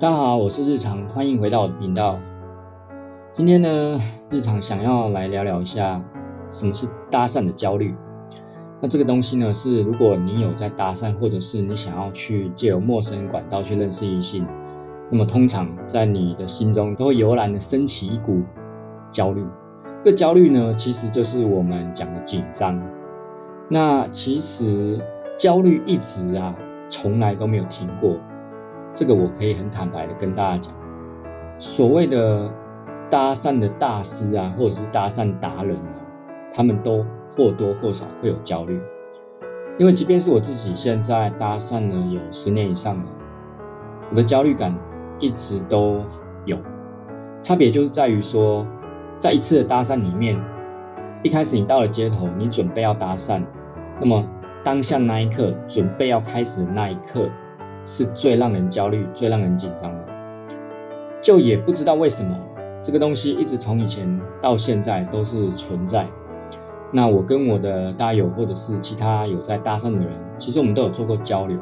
大家好，我是日常，歡迎回到我的頻道。今天呢，日常想要來聊聊一下什麼是搭訕的焦慮。那這個東西呢，是如果你有在搭訕，或者是你想要去借由陌生管道去認識異性。那麼，通常在你的心中都會油然的升起一股焦慮。這個焦慮呢，其實就是我們講的緊張。那其實焦慮一直啊，從來都沒有停過。這個我可以很坦白的跟大家講，所謂的搭訕的大師啊，或者是搭訕達人啊，他們都或多或少會有焦慮。因為即便是我自己現在搭訕了有十年以上了，我的焦慮感。一直都有。差別就是在於說，在一次的搭訕裡面，一開始你到了街頭，你準備要搭訕，那麼當下那一刻，準備要開始的那一刻，是最讓人焦慮、最讓人緊張的。就也不知道為什麼，這個東西一直從以前到現在都是存在。那我跟我的搭友，或者是其他有在搭訕的人，其實我們都有做過交流。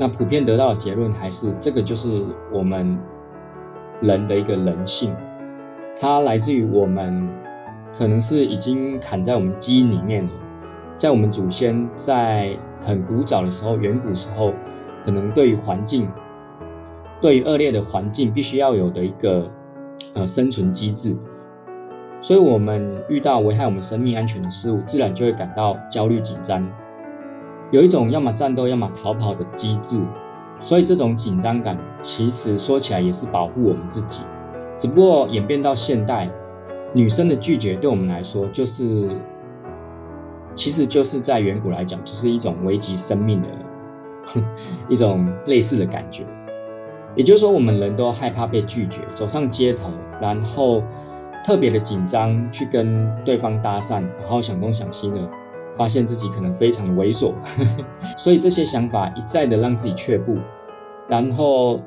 那普遍得到的結論還是，這個就是我們人的一個人性，它來自於我們可能是已經砍在我們基因裡面了，在我們祖先在很古早的時候，遠古時候，可能對於環境，對於惡劣的環境，必須要有的一個呃生存機制，所以，我們遇到危害我們生命安全的事物，自然就會感到焦慮緊張。有一種要麼戰鬥要麼逃跑的機制，所以這種緊張感其實說起來也是保護我們自己。只不過演變到現代，女生的拒絕對我們來說，就是其實就是在遠古來講，就是一種危及生命的，哼，一種類似的感覺。也就是說，我們人都害怕被拒絕，走上街頭，然後特別的緊張去跟對方搭訕，然後想東想西的。發現自己可能非常的猥瑣， 所以這些想法一再的讓自己卻步，然後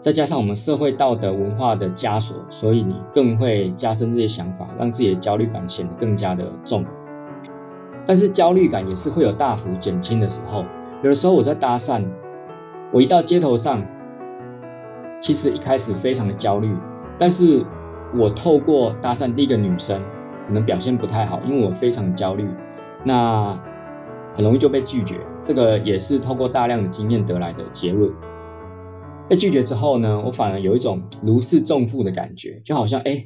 再加上我們社會道德文化的枷鎖，所以你更會加深這些想法，讓自己的焦慮感顯得更加的重。但是焦慮感也是會有大幅減輕的時候。有的時候我在搭訕，我一到街頭上，其實一開始非常的焦慮，但是我透過搭訕第一個女生，可能表現不太好，因為我非常焦慮。那很容易就被拒絕，這個也是透過大量的經驗得來的結論。被拒絕之後呢，我反而有一種如釋重負的感覺，就好像哎，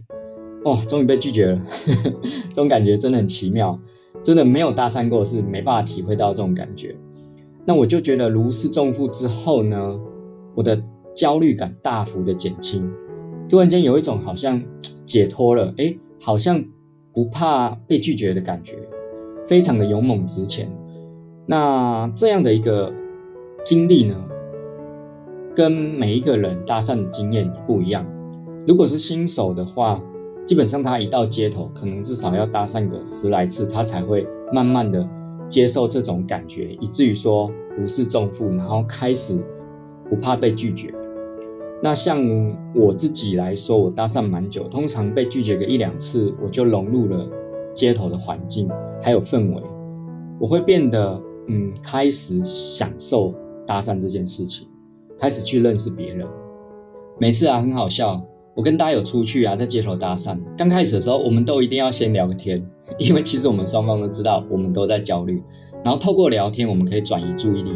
哦，終於被拒絕了， 這種感覺真的很奇妙，真的沒有搭訕過是沒辦法體會到這種感覺。那我就覺得如釋重負之後呢，我的焦慮感大幅的減輕，突然間有一種好像解脫了，哎，好像不怕被拒絕的感覺。非常的勇猛直前，那這樣的一個經歷呢，跟每一個人搭訕的經驗不一樣。如果是新手的話，基本上他一到街頭，可能至少要搭訕個十來次，他才會慢慢的接受這種感覺，以至於說如釋重負，然後開始不怕被拒絕。那像我自己來說，我搭訕蠻久，通常被拒絕個一兩次，我就融入了街頭的環境。還有氛圍，我會變得嗯，開始享受搭訕這件事情，開始去認識別人。每次啊，很好笑，我跟大家有出去啊，在街頭搭訕。剛開始的時候，我們都一定要先聊個天，因為其實我們雙方都知道，我們都在焦慮。然後透過聊天，我們可以轉移注意力。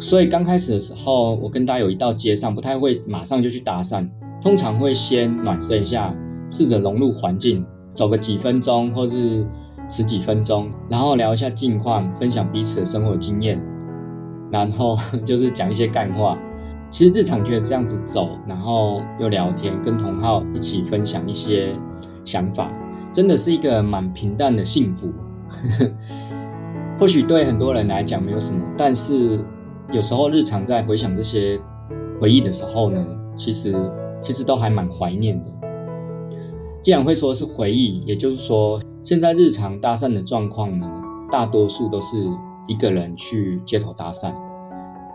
所以剛開始的時候，我跟大家有一到街上，不太會馬上就去搭訕，通常會先暖身一下，試着融入環境，走個幾分鐘，或是，十幾分鐘，然後聊一下近況，分享彼此的生活經驗，然後就是講一些幹話。其實日常覺得這樣子走，然後又聊天，跟同好一起分享一些想法，真的是一個蠻平淡的幸福。 或許對很多人來講沒有什麼，但是有時候日常在回想這些回憶的時候呢，其實其實都還蠻懷念的。既然會說是回憶，也就是說。現在日常搭訕的狀況呢，大多數都是一個人去街頭搭訕，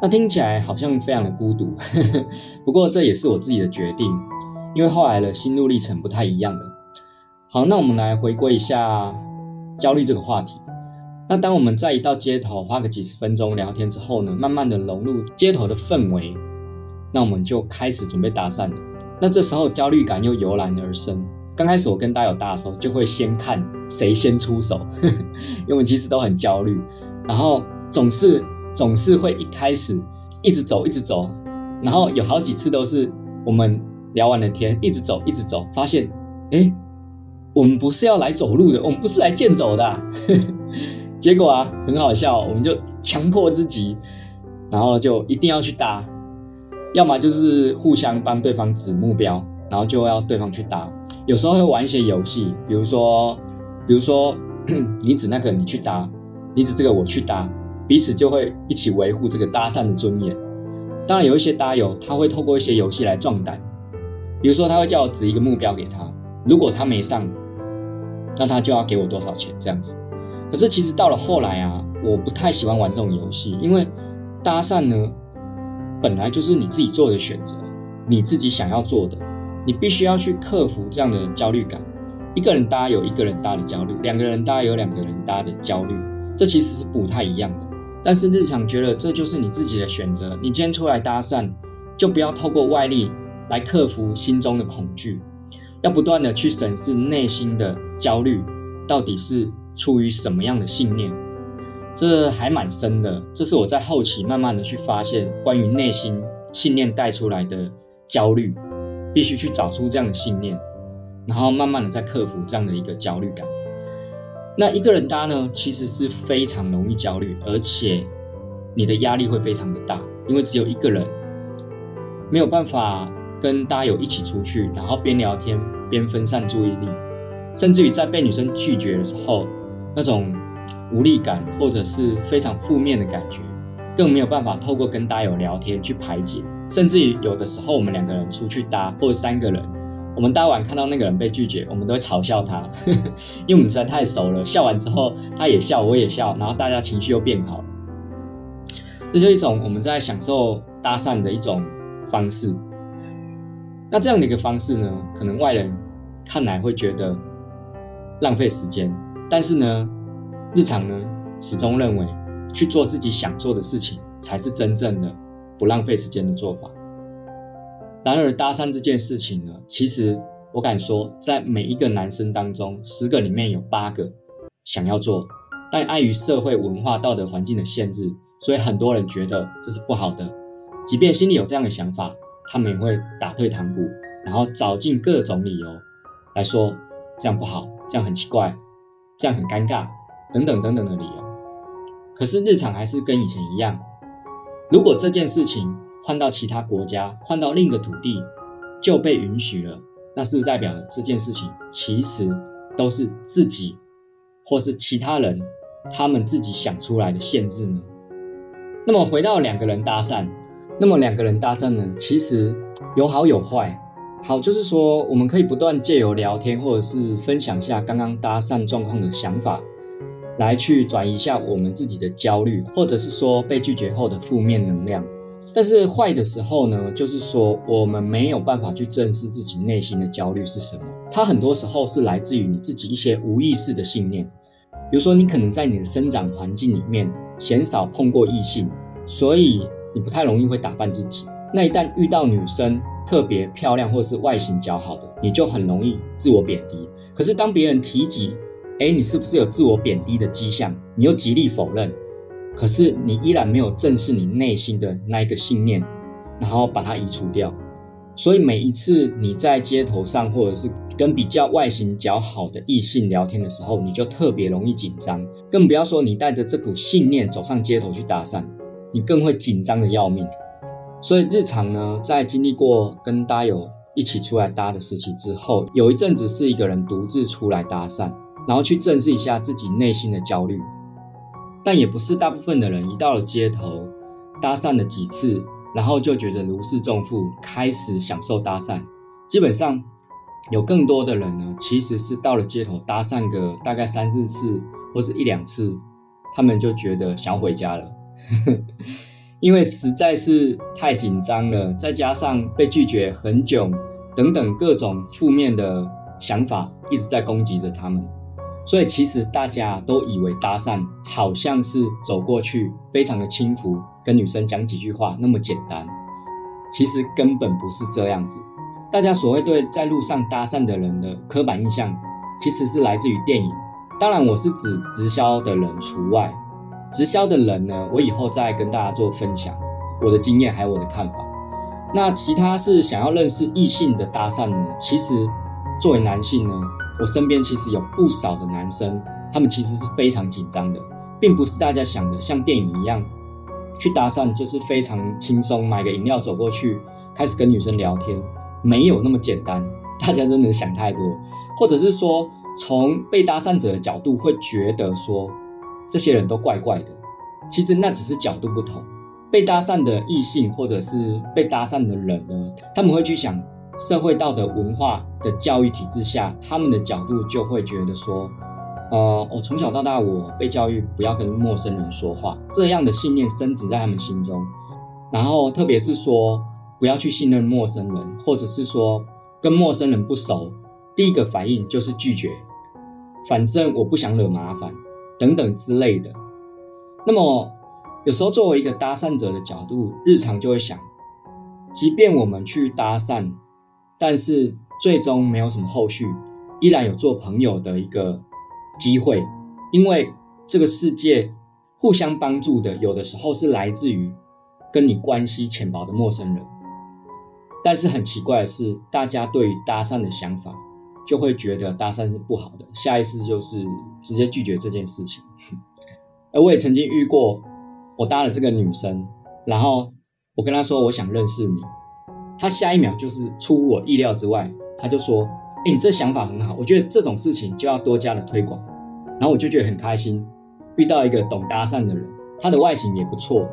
那聽起來好像非常的孤獨，呵呵，不過這也是我自己的決定，因為後來的心路歷程不太一樣了。好，那我們來回顧一下焦慮這個話題。那當我們在一到街頭，花個幾十分鐘聊天之後呢，慢慢的融入街頭的氛圍，那我們就開始準備搭訕了。那這時候焦慮感又油然而生。剛開始我跟大家有搭的時候，就會先看誰先出手，呵呵，因為我們其實都很焦慮，然後總是總是會一開始一直走一直走，然後有好幾次都是我們聊完了天，一直走一直走，發現哎，我們不是要來走路的，我們不是來健走的，啊呵呵，結果啊很好笑，哦，我們就強迫自己，然後就一定要去搭，要麼就是互相幫對方指目標，然後就要對方去搭，有時候會玩一些遊戲，比如說，比如說，你指那個你去搭，你指這個我去搭，彼此就會一起維護這個搭訕的尊嚴。當然，有一些搭友他會透過一些遊戲來壯膽，比如說他會叫我指一個目標給他，如果他沒上，那他就要給我多少錢這樣子。可是其實到了後來啊，我不太喜歡玩這種遊戲，因為搭訕呢，本來就是你自己做的選擇，你自己想要做的。你必須要去克服這樣的焦慮感。一個人搭有一個人搭的焦慮，兩個人搭有兩個人搭的焦慮，這其實是不太一樣的。但是日常覺得這就是你自己的選擇。你今天出來搭訕，就不要透過外力來克服心中的恐懼，要不斷的去審視內心的焦慮到底是出於什麼樣的信念。這還蠻深的，這是我在後期慢慢的去發現關於內心信念帶出來的焦慮。必須去找出這樣的信念，然後慢慢的再克服這樣的一個焦慮感。那一個人搭呢，其實是非常容易焦慮，而且你的壓力會非常的大，因為只有一個人，沒有辦法跟搭友一起出去，然後邊聊天邊分散注意力，甚至於在被女生拒絕的時候，那種無力感或者是非常負面的感覺，更沒有辦法透過跟搭友聊天去排解。甚至於有的時候，我們兩個人出去搭，或者三個人，我們搭完看到那個人被拒絕，我們都會嘲笑他，呵呵，因為我們實在太熟了。笑完之後，他也笑，我也笑，然後大家情緒又變好了。這就是一種我們在享受搭訕的一種方式。那這樣的一個方式呢，可能外人看來會覺得浪費時間，但是呢，日常呢，始終認為去做自己想做的事情才是真正的。不浪費時間的做法。然而，搭訕這件事情呢，其實我敢說，在每一個男生當中，十個裡面有八個想要做，但礙於社會文化道德環境的限制，所以很多人覺得這是不好的。即便心裡有這樣的想法，他們也會打退堂鼓，然後找盡各種理由來說，這樣不好，這樣很奇怪，這樣很尷尬，等等等等的理由。可是日常還是跟以前一樣。如果這件事情換到其他國家，換到另一個土地，就被允許了，那是不是代表這件事情其實都是自己或是其他人他們自己想出來的限制呢？那麼回到兩個人搭訕，那麼兩個人搭訕呢，其實有好有壞。好就是說，我們可以不斷借由聊天或者是分享一下剛剛搭訕狀況的想法。來去轉移一下我們自己的焦慮，或者是說被拒絕後的負面能量。但是壞的時候呢，就是說我們沒有辦法去正視自己內心的焦慮是什麼。它很多時候是來自於你自己一些無意識的信念。比如說，你可能在你的生長環境裡面鮮少碰過異性，所以你不太容易會打扮自己。那一旦遇到女生特別漂亮或是外形姣好的，你就很容易自我貶低。可是當別人提及，誒，你是不是有自我貶低的跡象？你又極力否認，可是你依然沒有正視你內心的那一個信念，然後把它移除掉。所以每一次你在街頭上，或者是跟比較外形較好的異性聊天的時候，你就特別容易緊張。更不要說你帶着這股信念走上街頭去搭訕，你更會緊張得要命。所以日常呢，在經歷過跟搭友一起出來搭的時期之後，有一陣子是一個人獨自出來搭訕。然後去正視一下自己內心的焦慮，但也不是大部分的人一到了街頭搭訕了幾次，然後就覺得如釋重負，開始享受搭訕。基本上有更多的人呢，其實是到了街頭搭訕個大概三四次或是一兩次，他們就覺得想回家了， 因為實在是太緊張了，再加上被拒絕很窘等等各種負面的想法一直在攻擊着他們。所以其實大家都以為搭訕好像是走過去，非常的輕浮，跟女生講幾句話那麼簡單。其實根本不是這樣子。大家所謂對在路上搭訕的人的刻板印象，其實是來自於電影。當然，我是指直銷的人除外。直銷的人呢，我以後再跟大家做分享我的經驗還有我的看法。那其他是想要認識異性的搭訕呢？其實作為男性呢，我身邊其實有不少的男生，他們其實是非常緊張的，並不是大家想的像電影一樣去搭訕就是非常輕鬆，買個飲料走過去開始跟女生聊天，沒有那麼簡單。大家真的想太多，或者是說從被搭訕者的角度會覺得說這些人都怪怪的，其實那只是角度不同。被搭訕的異性或者是被搭訕的人呢，他們會去想。社會道德文化的教育體制下，他們的角度就會覺得說，呃，我、哦、從小到大我被教育不要跟陌生人說話，這樣的信念深植在他們心中。然後，特別是說不要去信任陌生人，或者是說跟陌生人不熟，第一個反應就是拒絕，反正我不想惹麻煩等等之類的。那麼，有時候作為一個搭訕者的角度，日常就會想，即便我們去搭訕。但是最終沒有什麼後續，依然有做朋友的一個機會，因為這個世界互相幫助的，有的時候是來自於跟你關係淺薄的陌生人。但是很奇怪的是，大家對於搭訕的想法，就會覺得搭訕是不好的，下意識就是直接拒絕這件事情。而我也曾經遇過，我搭了這個女生，然後我跟她說我想認識你。他下一秒就是出乎我意料之外，他就說：“誒，你這想法很好，我覺得這種事情就要多加的推廣。”然後我就覺得很開心，遇到一個懂搭訕的人，他的外形也不錯。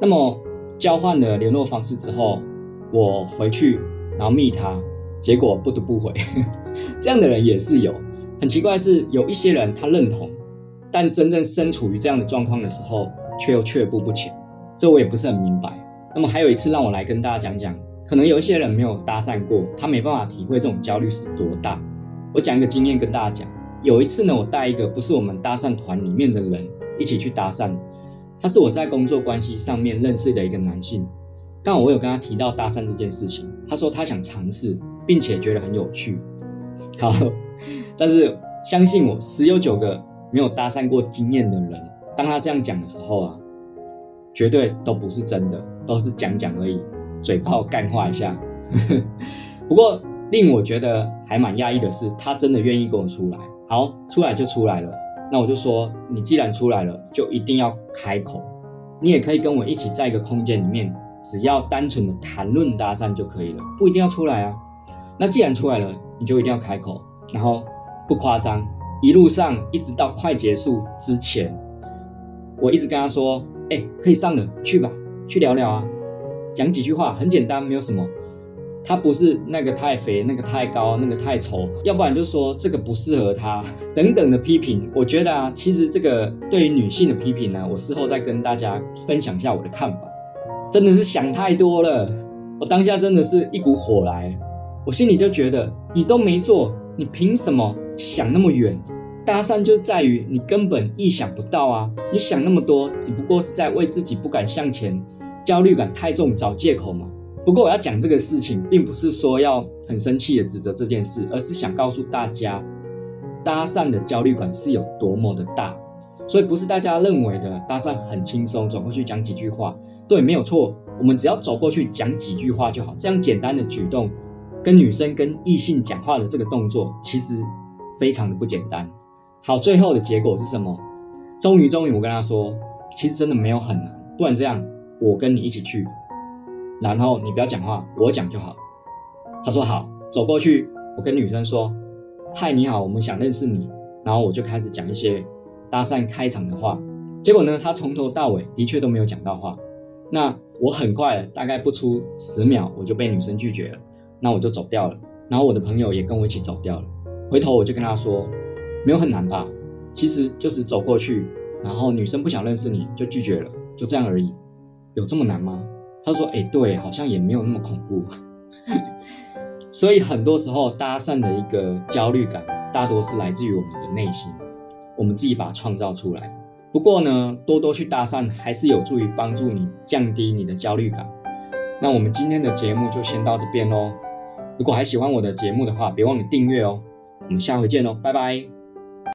那麼交換了聯絡方式之後，我回去然後密他，結果不讀不回。 這樣的人也是有，很奇怪是有一些人他認同，但真正身處於這樣的狀況的時候，卻又卻步不前，這我也不是很明白。那麼還有一次，讓我來跟大家講講。可能有一些人沒有搭訕過，他沒辦法體會這種焦慮是多大。我講一個經驗跟大家講，有一次呢，我帶一個不是我們搭訕團裡面的人一起去搭訕，他是我在工作關係上面認識的一個男性，但我有跟他提到搭訕這件事情，他說他想嘗試，並且覺得很有趣。好，但是相信我，十有九個沒有搭訕過經驗的人，當他這樣講的時候啊，絕對都不是真的，都是講講而已。嘴炮幹話一下， 不過令我覺得還蠻訝異的是，他真的願意跟我出來。好，出來就出來了。那我就說，你既然出來了，就一定要開口。你也可以跟我一起在一個空間裡面，只要單純的談論搭訕就可以了，不一定要出來啊。那既然出來了，你就一定要開口，然後不誇張，一路上一直到快結束之前，我一直跟他說：“哎、欸，可以上了，去吧，去聊聊啊。”講幾句話很簡單，沒有什麼，他不是那個太肥，那個太高，那個太醜，要不然就說這個不適合他等等的批評。我覺得啊，其實這個對於女性的批評呢、啊，我事後再跟大家分享一下我的看法，真的是想太多了。我當下真的是一股火來，我心裡就覺得你都沒做，你憑什麼想那麼遠？搭訕就在於你根本意想不到啊，你想那麼多，只不過是在為自己不敢向前。焦慮感太重，找借口嘛。不過我要講這個事情，並不是說要很生氣的指責這件事，而是想告訴大家，搭訕的焦慮感是有多麼的大。所以不是大家認為的搭訕很輕鬆，走過去講幾句話，對，沒有錯。我們只要走過去講幾句話就好。這樣簡單的舉動，跟女生、跟異性講話的這個動作，其實非常的不簡單。好，最後的結果是什麼？終於，終於，我跟她說，其實真的沒有很難。不然這樣。我跟你一起去，然後你不要講話，我講就好。他說好，走過去，我跟女生說：“嗨，你好，我們想認識你。”然後我就開始講一些搭訕開場的話。結果呢，他從頭到尾的確都沒有講到話。那我很快，大概不出十秒，我就被女生拒絕了。那我就走掉了。然後我的朋友也跟我一起走掉了。回頭我就跟他說：“沒有很難吧？其實就是走過去，然後女生不想認識你就拒絕了，就這樣而已。”有這麼難嗎？他說：“哎、欸，對，好像也沒有那麼恐怖啊。 ”所以很多時候搭訕的一個焦慮感，大多是來自於我們的內心，我們自己把它創造出來。不過呢，多多去搭訕還是有助於幫助你降低你的焦慮感。那我們今天的節目就先到這邊嘍。如果還喜歡我的節目的話，別忘了訂閱哦。我們下回見嘍，拜拜。